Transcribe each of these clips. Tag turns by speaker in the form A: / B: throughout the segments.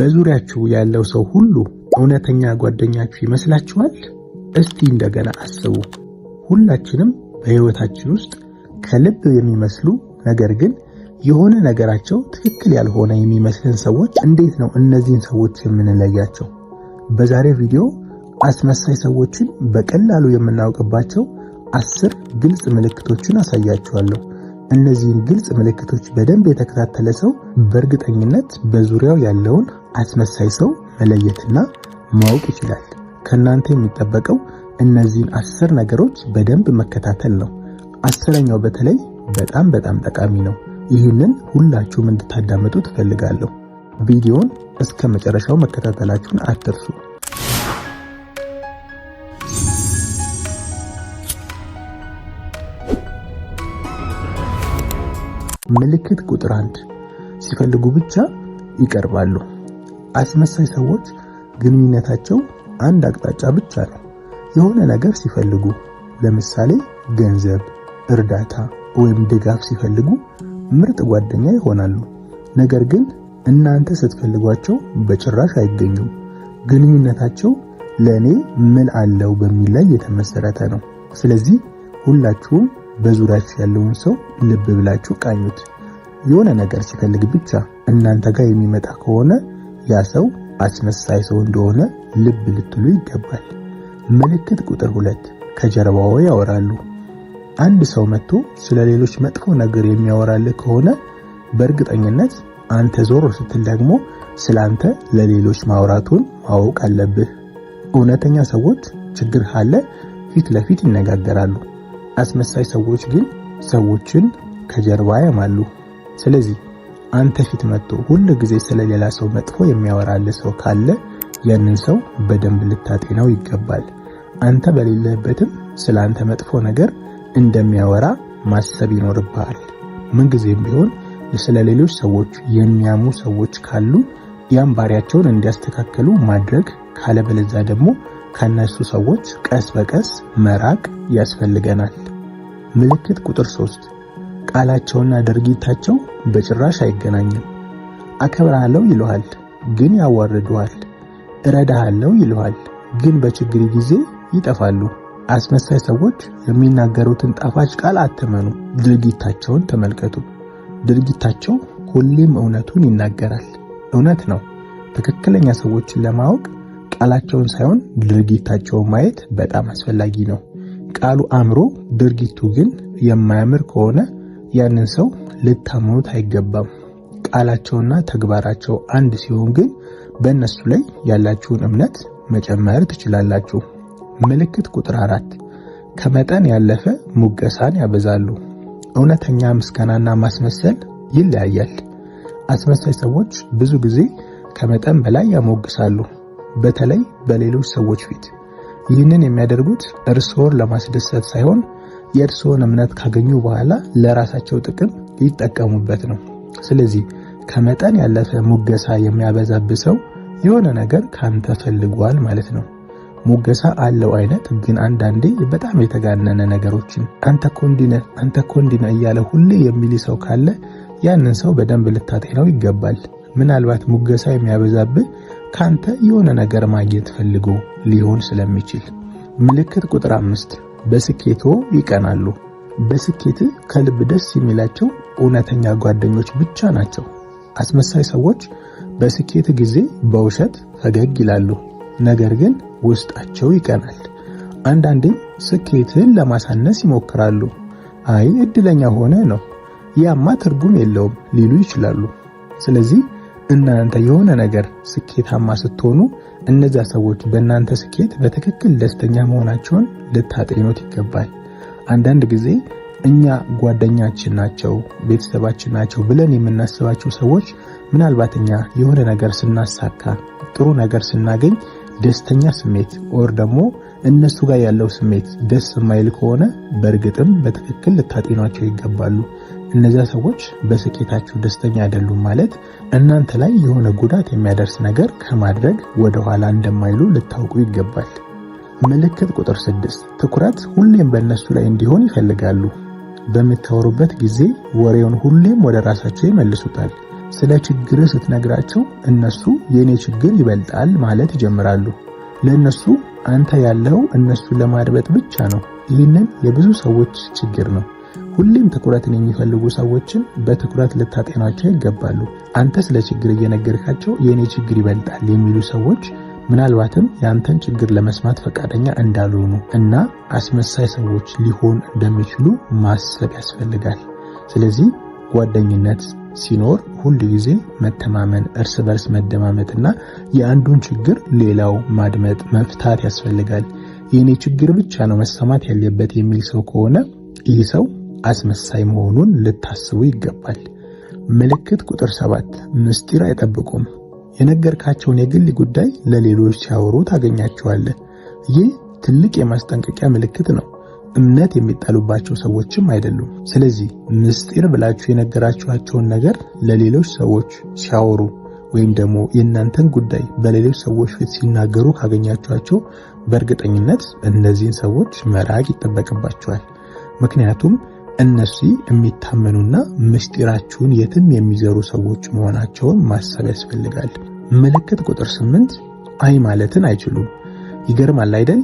A: በዙሪያችሁ ያለው ሰው ሁሉ እውነተኛ ጓደኛችሁ ይመስላችኋል? እስቲ እንደገና አስቡ። ሁላችንም በሕይወታችን ውስጥ ከልብ የሚመስሉ ነገር ግን የሆነ ነገራቸው ትክክል ያልሆነ የሚመስልን ሰዎች እንዴት ነው እነዚህን ሰዎች የምንለያቸው? በዛሬ ቪዲዮ አስመሳይ ሰዎችን በቀላሉ የምናውቅባቸው አስር ግልጽ ምልክቶችን አሳያችኋለሁ። እነዚህን ግልጽ ምልክቶች በደንብ የተከታተለ ሰው በእርግጠኝነት በዙሪያው ያለውን አስመሳይ ሰው መለየትና ማወቅ ይችላል። ከእናንተ የሚጠበቀው እነዚህን አስር ነገሮች በደንብ መከታተል ነው። አስረኛው በተለይ በጣም በጣም ጠቃሚ ነው። ይህንን ሁላችሁም እንድታዳምጡ ትፈልጋለሁ። ቪዲዮውን እስከ መጨረሻው መከታተላችሁን አትርሱ። ምልክት ቁጥር አንድ ሲፈልጉ ብቻ ይቀርባሉ። አስመሳይ ሰዎች ግንኙነታቸው አንድ አቅጣጫ ብቻ ነው። የሆነ ነገር ሲፈልጉ ለምሳሌ ገንዘብ፣ እርዳታ ወይም ድጋፍ ሲፈልጉ ምርጥ ጓደኛ ይሆናሉ። ነገር ግን እናንተ ስትፈልጓቸው በጭራሽ አይገኙም። ግንኙነታቸው ለኔ ምን አለው በሚል ላይ የተመሰረተ ነው። ስለዚህ ሁላችሁም በዙሪያችሁ ያለውን ሰው ልብ ብላችሁ ቃኙት። የሆነ ነገር ሲፈልግ ብቻ እናንተ ጋር የሚመጣ ከሆነ ያ ሰው አስመሳይ ሰው እንደሆነ ልብ ልትሉ ይገባል። ምልክት ቁጥር ሁለት ከጀርባው ያወራሉ። አንድ ሰው መጥቶ ስለ ሌሎች መጥፎ ነገር የሚያወራልህ ከሆነ በእርግጠኝነት አንተ ዞር ስትል ደግሞ ስለ አንተ ለሌሎች ማውራቱን ማወቅ አለብህ። እውነተኛ ሰዎች ችግር ካለ ፊት ለፊት ይነጋገራሉ። አስመሳይ ሰዎች ግን ሰዎችን ከጀርባ ያማሉ። ስለዚህ አንተ ፊት መጥቶ ሁል ጊዜ ስለሌላ ሰው መጥፎ የሚያወራል ሰው ካለ ያንን ሰው በደንብ ልታጤናው ይገባል። አንተ በሌለህበትም ስለ አንተ መጥፎ ነገር እንደሚያወራ ማሰብ ይኖርብሃል። ምንጊዜም ቢሆን ስለ ሌሎች ሰዎች የሚያሙ ሰዎች ካሉ ያን ባሪያቸውን እንዲያስተካከሉ ማድረግ፣ ካለበለዚያ ደግሞ ከነሱ ሰዎች ቀስ በቀስ መራቅ ያስፈልገናል። ምልክት ቁጥር 3 ቃላቸውና ድርጊታቸው በጭራሽ አይገናኝም። አከብራለሁ ይለዋል፣ ግን ያዋርደዋል። እረዳሃለሁ ይለዋል፣ ግን በችግር ጊዜ ይጠፋሉ። አስመሳይ ሰዎች የሚናገሩትን ጣፋጭ ቃል አትመኑ፣ ድርጊታቸውን ተመልከቱ። ድርጊታቸው ሁሌም እውነቱን ይናገራል። እውነት ነው። ትክክለኛ ሰዎችን ለማወቅ ቃላቸውን ሳይሆን ድርጊታቸውን ማየት በጣም አስፈላጊ ነው። ቃሉ አምሮ ድርጊቱ ግን የማያምር ከሆነ ያንን ሰው ልታምኑት አይገባም። ቃላቸውና ተግባራቸው አንድ ሲሆን ግን በእነሱ ላይ ያላችሁን እምነት መጨመር ትችላላችሁ። ምልክት ቁጥር አራት ከመጠን ያለፈ ሙገሳን ያበዛሉ። እውነተኛ ምስጋናና ማስመሰል ይለያያል። አስመሳይ ሰዎች ብዙ ጊዜ ከመጠን በላይ ያሞግሳሉ፣ በተለይ በሌሎች ሰዎች ፊት። ይህንን የሚያደርጉት እርስዎን ለማስደሰት ሳይሆን የእርስዎን እምነት ካገኙ በኋላ ለራሳቸው ጥቅም ሊጠቀሙበት ነው። ስለዚህ ከመጠን ያለፈ ሙገሳ የሚያበዛብህ ሰው የሆነ ነገር ካንተ ፈልጓል ማለት ነው። ሙገሳ አለው አይነት ግን አንዳንዴ በጣም የተጋነነ ነገሮችን አንተ እኮ እንዲህ ነህ፣ አንተ እኮ እንዲህ ነህ እያለ ሁሌ የሚል ሰው ካለ ያንን ሰው በደንብ ልታጤነው ይገባል። ምናልባት ሙገሳ የሚያበዛብህ ካንተ የሆነ ነገር ማግኘት ፈልጎ ሊሆን ስለሚችል። ምልክት ቁጥር አምስት በስኬቶ ይቀናሉ። በስኬት ከልብ ደስ የሚላቸው እውነተኛ ጓደኞች ብቻ ናቸው። አስመሳይ ሰዎች በስኬት ጊዜ በውሸት ፈገግ ይላሉ፣ ነገር ግን ውስጣቸው ይቀናል። አንዳንዴም ስኬትን ለማሳነስ ይሞክራሉ። አይ እድለኛ ሆነ ነው፣ ያማ ትርጉም የለውም ሊሉ ይችላሉ። ስለዚህ እናንተ የሆነ ነገር ስኬታማ ስትሆኑ እነዛ ሰዎች በእናንተ ስኬት በትክክል ደስተኛ መሆናቸውን ልታጤኑት ይገባል። አንዳንድ ጊዜ እኛ ጓደኛችን ናቸው፣ ቤተሰባችን ናቸው ብለን የምናስባቸው ሰዎች ምናልባት እኛ የሆነ ነገር ስናሳካ፣ ጥሩ ነገር ስናገኝ ደስተኛ ስሜት ኦር ደግሞ እነሱ ጋር ያለው ስሜት ደስ የማይል ከሆነ በእርግጥም በትክክል ልታጤኗቸው ይገባሉ። እነዚያ ሰዎች በስኬታችሁ ደስተኛ አይደሉም ማለት እናንተ ላይ የሆነ ጉዳት የሚያደርስ ነገር ከማድረግ ወደኋላ እንደማይሉ ልታውቁ ይገባል። ምልክት ቁጥር ስድስት ትኩረት ሁሌም በእነሱ ላይ እንዲሆን ይፈልጋሉ። በምታወሩበት ጊዜ ወሬውን ሁሌም ወደ ራሳቸው ይመልሱታል። ስለ ችግር ስትነግራቸው እነሱ የእኔ ችግር ይበልጣል ማለት ይጀምራሉ። ለእነሱ አንተ ያለው እነሱ ለማድበጥ ብቻ ነው። ይህንን የብዙ ሰዎች ችግር ነው። ሁሌም ትኩረትን የሚፈልጉ ሰዎችን በትኩረት ልታጤናቸው ይገባሉ። አንተ ስለ ችግር እየነገርካቸው የእኔ ችግር ይበልጣል የሚሉ ሰዎች ምናልባትም የአንተን ችግር ለመስማት ፈቃደኛ እንዳልሆኑ እና አስመሳይ ሰዎች ሊሆን እንደሚችሉ ማሰብ ያስፈልጋል። ስለዚህ ጓደኝነት ሲኖር ሁል ጊዜ መተማመን፣ እርስ በርስ መደማመጥ እና የአንዱን ችግር ሌላው ማድመጥ መፍታት ያስፈልጋል። የእኔ ችግር ብቻ ነው መሰማት ያለበት የሚል ሰው ከሆነ ይህ ሰው አስመሳይ መሆኑን ልታስቡ ይገባል። ምልክት ቁጥር ሰባት ምስጢር አይጠብቁም። የነገርካቸውን የግል ጉዳይ ለሌሎች ሲያወሩ ታገኛቸዋለህ። ይህ ትልቅ የማስጠንቀቂያ ምልክት ነው። እምነት የሚጣሉባቸው ሰዎችም አይደሉም። ስለዚህ ምስጢር ብላችሁ የነገራችኋቸውን ነገር ለሌሎች ሰዎች ሲያወሩ ወይም ደግሞ የእናንተን ጉዳይ በሌሎች ሰዎች ፊት ሲናገሩ ካገኛችኋቸው በእርግጠኝነት እነዚህን ሰዎች መራቅ ይጠበቅባቸዋል። ምክንያቱም እነዚህ የሚታመኑና ምስጢራችሁን የትም የሚዘሩ ሰዎች መሆናቸውን ማሰብ ያስፈልጋል። ምልክት ቁጥር ስምንት አይ ማለትን አይችሉም። ይገርማል አይደል?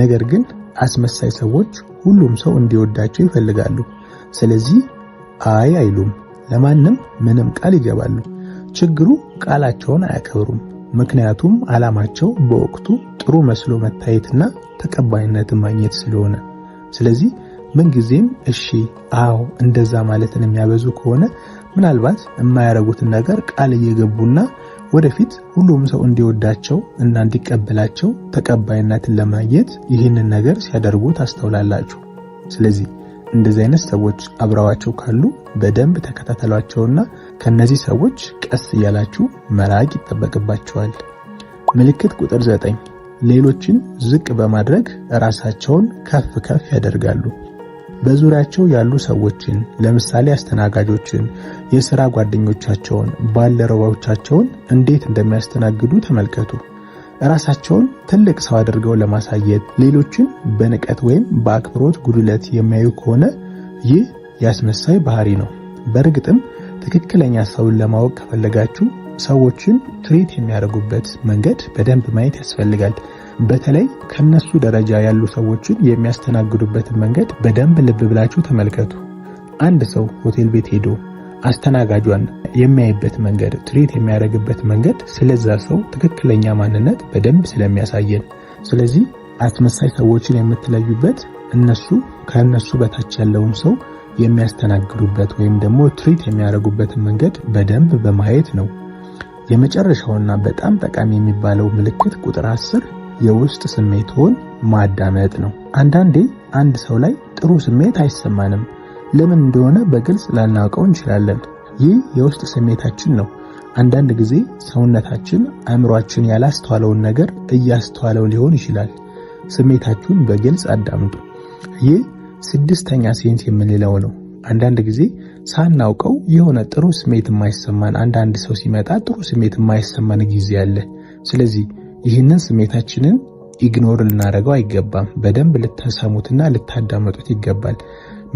A: ነገር ግን አስመሳይ ሰዎች ሁሉም ሰው እንዲወዳቸው ይፈልጋሉ። ስለዚህ አይ አይሉም፣ ለማንም ምንም ቃል ይገባሉ። ችግሩ ቃላቸውን አያከብሩም። ምክንያቱም ዓላማቸው በወቅቱ ጥሩ መስሎ መታየትና ተቀባይነት ማግኘት ስለሆነ ስለዚህ ምንጊዜም እሺ፣ አዎ፣ እንደዛ ማለትን የሚያበዙ ከሆነ ምናልባት የማያረጉትን ነገር ቃል እየገቡና ወደፊት ሁሉም ሰው እንዲወዳቸው እና እንዲቀበላቸው ተቀባይነትን ለማግኘት ይህንን ነገር ሲያደርጉ ታስተውላላችሁ። ስለዚህ እንደዚህ አይነት ሰዎች አብረዋቸው ካሉ በደንብ ተከታተሏቸውና ከነዚህ ሰዎች ቀስ እያላችሁ መራቅ ይጠበቅባቸዋል። ምልክት ቁጥር ዘጠኝ ሌሎችን ዝቅ በማድረግ ራሳቸውን ከፍ ከፍ ያደርጋሉ። በዙሪያቸው ያሉ ሰዎችን ለምሳሌ አስተናጋጆችን፣ የሥራ ጓደኞቻቸውን፣ ባልደረባዎቻቸውን እንዴት እንደሚያስተናግዱ ተመልከቱ። ራሳቸውን ትልቅ ሰው አድርገው ለማሳየት ሌሎችን በንቀት ወይም በአክብሮት ጉድለት የሚያዩ ከሆነ ይህ የአስመሳይ ባህሪ ነው። በእርግጥም ትክክለኛ ሰውን ለማወቅ ከፈለጋችሁ ሰዎችን ትሪት የሚያደርጉበት መንገድ በደንብ ማየት ያስፈልጋል። በተለይ ከነሱ ደረጃ ያሉ ሰዎችን የሚያስተናግዱበትን መንገድ በደንብ ልብ ብላችሁ ተመልከቱ። አንድ ሰው ሆቴል ቤት ሄዶ አስተናጋጇን የሚያይበት መንገድ፣ ትሪት የሚያደርግበት መንገድ ስለዛ ሰው ትክክለኛ ማንነት በደንብ ስለሚያሳየን፣ ስለዚህ አስመሳይ ሰዎችን የምትለዩበት እነሱ ከእነሱ በታች ያለውን ሰው የሚያስተናግዱበት ወይም ደግሞ ትሪት የሚያደርጉበትን መንገድ በደንብ በማየት ነው። የመጨረሻውና በጣም ጠቃሚ የሚባለው ምልክት ቁጥር አስር የውስጥ ስሜትዎን ማዳመጥ ነው። አንዳንዴ አንድ ሰው ላይ ጥሩ ስሜት አይሰማንም። ለምን እንደሆነ በግልጽ ላናውቀው እንችላለን። ይህ የውስጥ ስሜታችን ነው። አንዳንድ ጊዜ ሰውነታችን፣ አእምሯችን ያላስተዋለውን ነገር እያስተዋለው ሊሆን ይችላል። ስሜታችሁን በግልጽ አዳምጡ። ይህ ስድስተኛ ሴንስ የምንለው ነው። አንዳንድ ጊዜ ሳናውቀው የሆነ ጥሩ ስሜት የማይሰማን አንዳንድ ሰው ሲመጣ ጥሩ ስሜት የማይሰማን ጊዜ አለ። ስለዚህ ይህንን ስሜታችንን ኢግኖር ልናደርገው አይገባም። በደንብ ልታሰሙትና ልታዳመጡት ይገባል።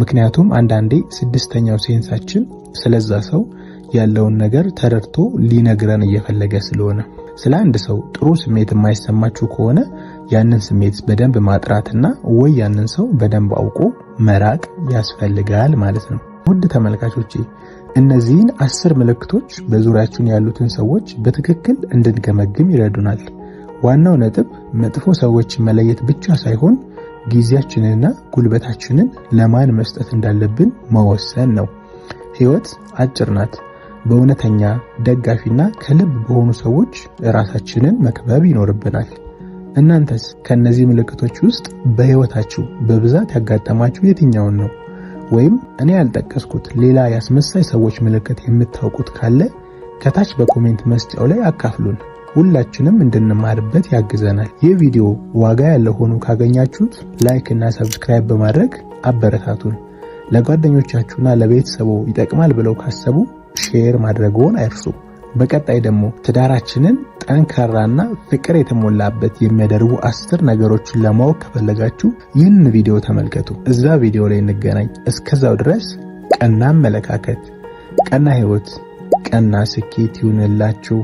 A: ምክንያቱም አንዳንዴ ስድስተኛው ሴንሳችን ስለዛ ሰው ያለውን ነገር ተረድቶ ሊነግረን እየፈለገ ስለሆነ ስለ አንድ ሰው ጥሩ ስሜት የማይሰማችሁ ከሆነ ያንን ስሜት በደንብ ማጥራትና ወይ ያንን ሰው በደንብ አውቆ መራቅ ያስፈልጋል ማለት ነው። ውድ ተመልካቾቼ እነዚህን አስር ምልክቶች በዙሪያችን ያሉትን ሰዎች በትክክል እንድንገመግም ይረዱናል። ዋናው ነጥብ መጥፎ ሰዎችን መለየት ብቻ ሳይሆን ጊዜያችንንና ጉልበታችንን ለማን መስጠት እንዳለብን መወሰን ነው። ሕይወት አጭር ናት። በእውነተኛ ደጋፊና ከልብ በሆኑ ሰዎች ራሳችንን መክበብ ይኖርብናል። እናንተስ ከእነዚህ ምልክቶች ውስጥ በሕይወታችሁ በብዛት ያጋጠማችሁ የትኛውን ነው? ወይም እኔ ያልጠቀስኩት ሌላ ያስመሳይ ሰዎች ምልክት የምታውቁት ካለ ከታች በኮሜንት መስጫው ላይ አካፍሉን። ሁላችንም እንድንማርበት ያግዘናል። ይህ ቪዲዮ ዋጋ ያለው ሆኖ ካገኛችሁት ላይክ እና ሰብስክራይብ በማድረግ አበረታቱን። ለጓደኞቻችሁና ለቤተሰቦ ይጠቅማል ብለው ካሰቡ ሼር ማድረግዎን አይርሱ። በቀጣይ ደግሞ ትዳራችንን ጠንካራና ፍቅር የተሞላበት የሚያደርጉ አስር ነገሮችን ለማወቅ ከፈለጋችሁ ይህን ቪዲዮ ተመልከቱ። እዛ ቪዲዮ ላይ እንገናኝ። እስከዛው ድረስ ቀና አመለካከት፣ ቀና ህይወት ቀና ስኬት ይሁንላችሁ።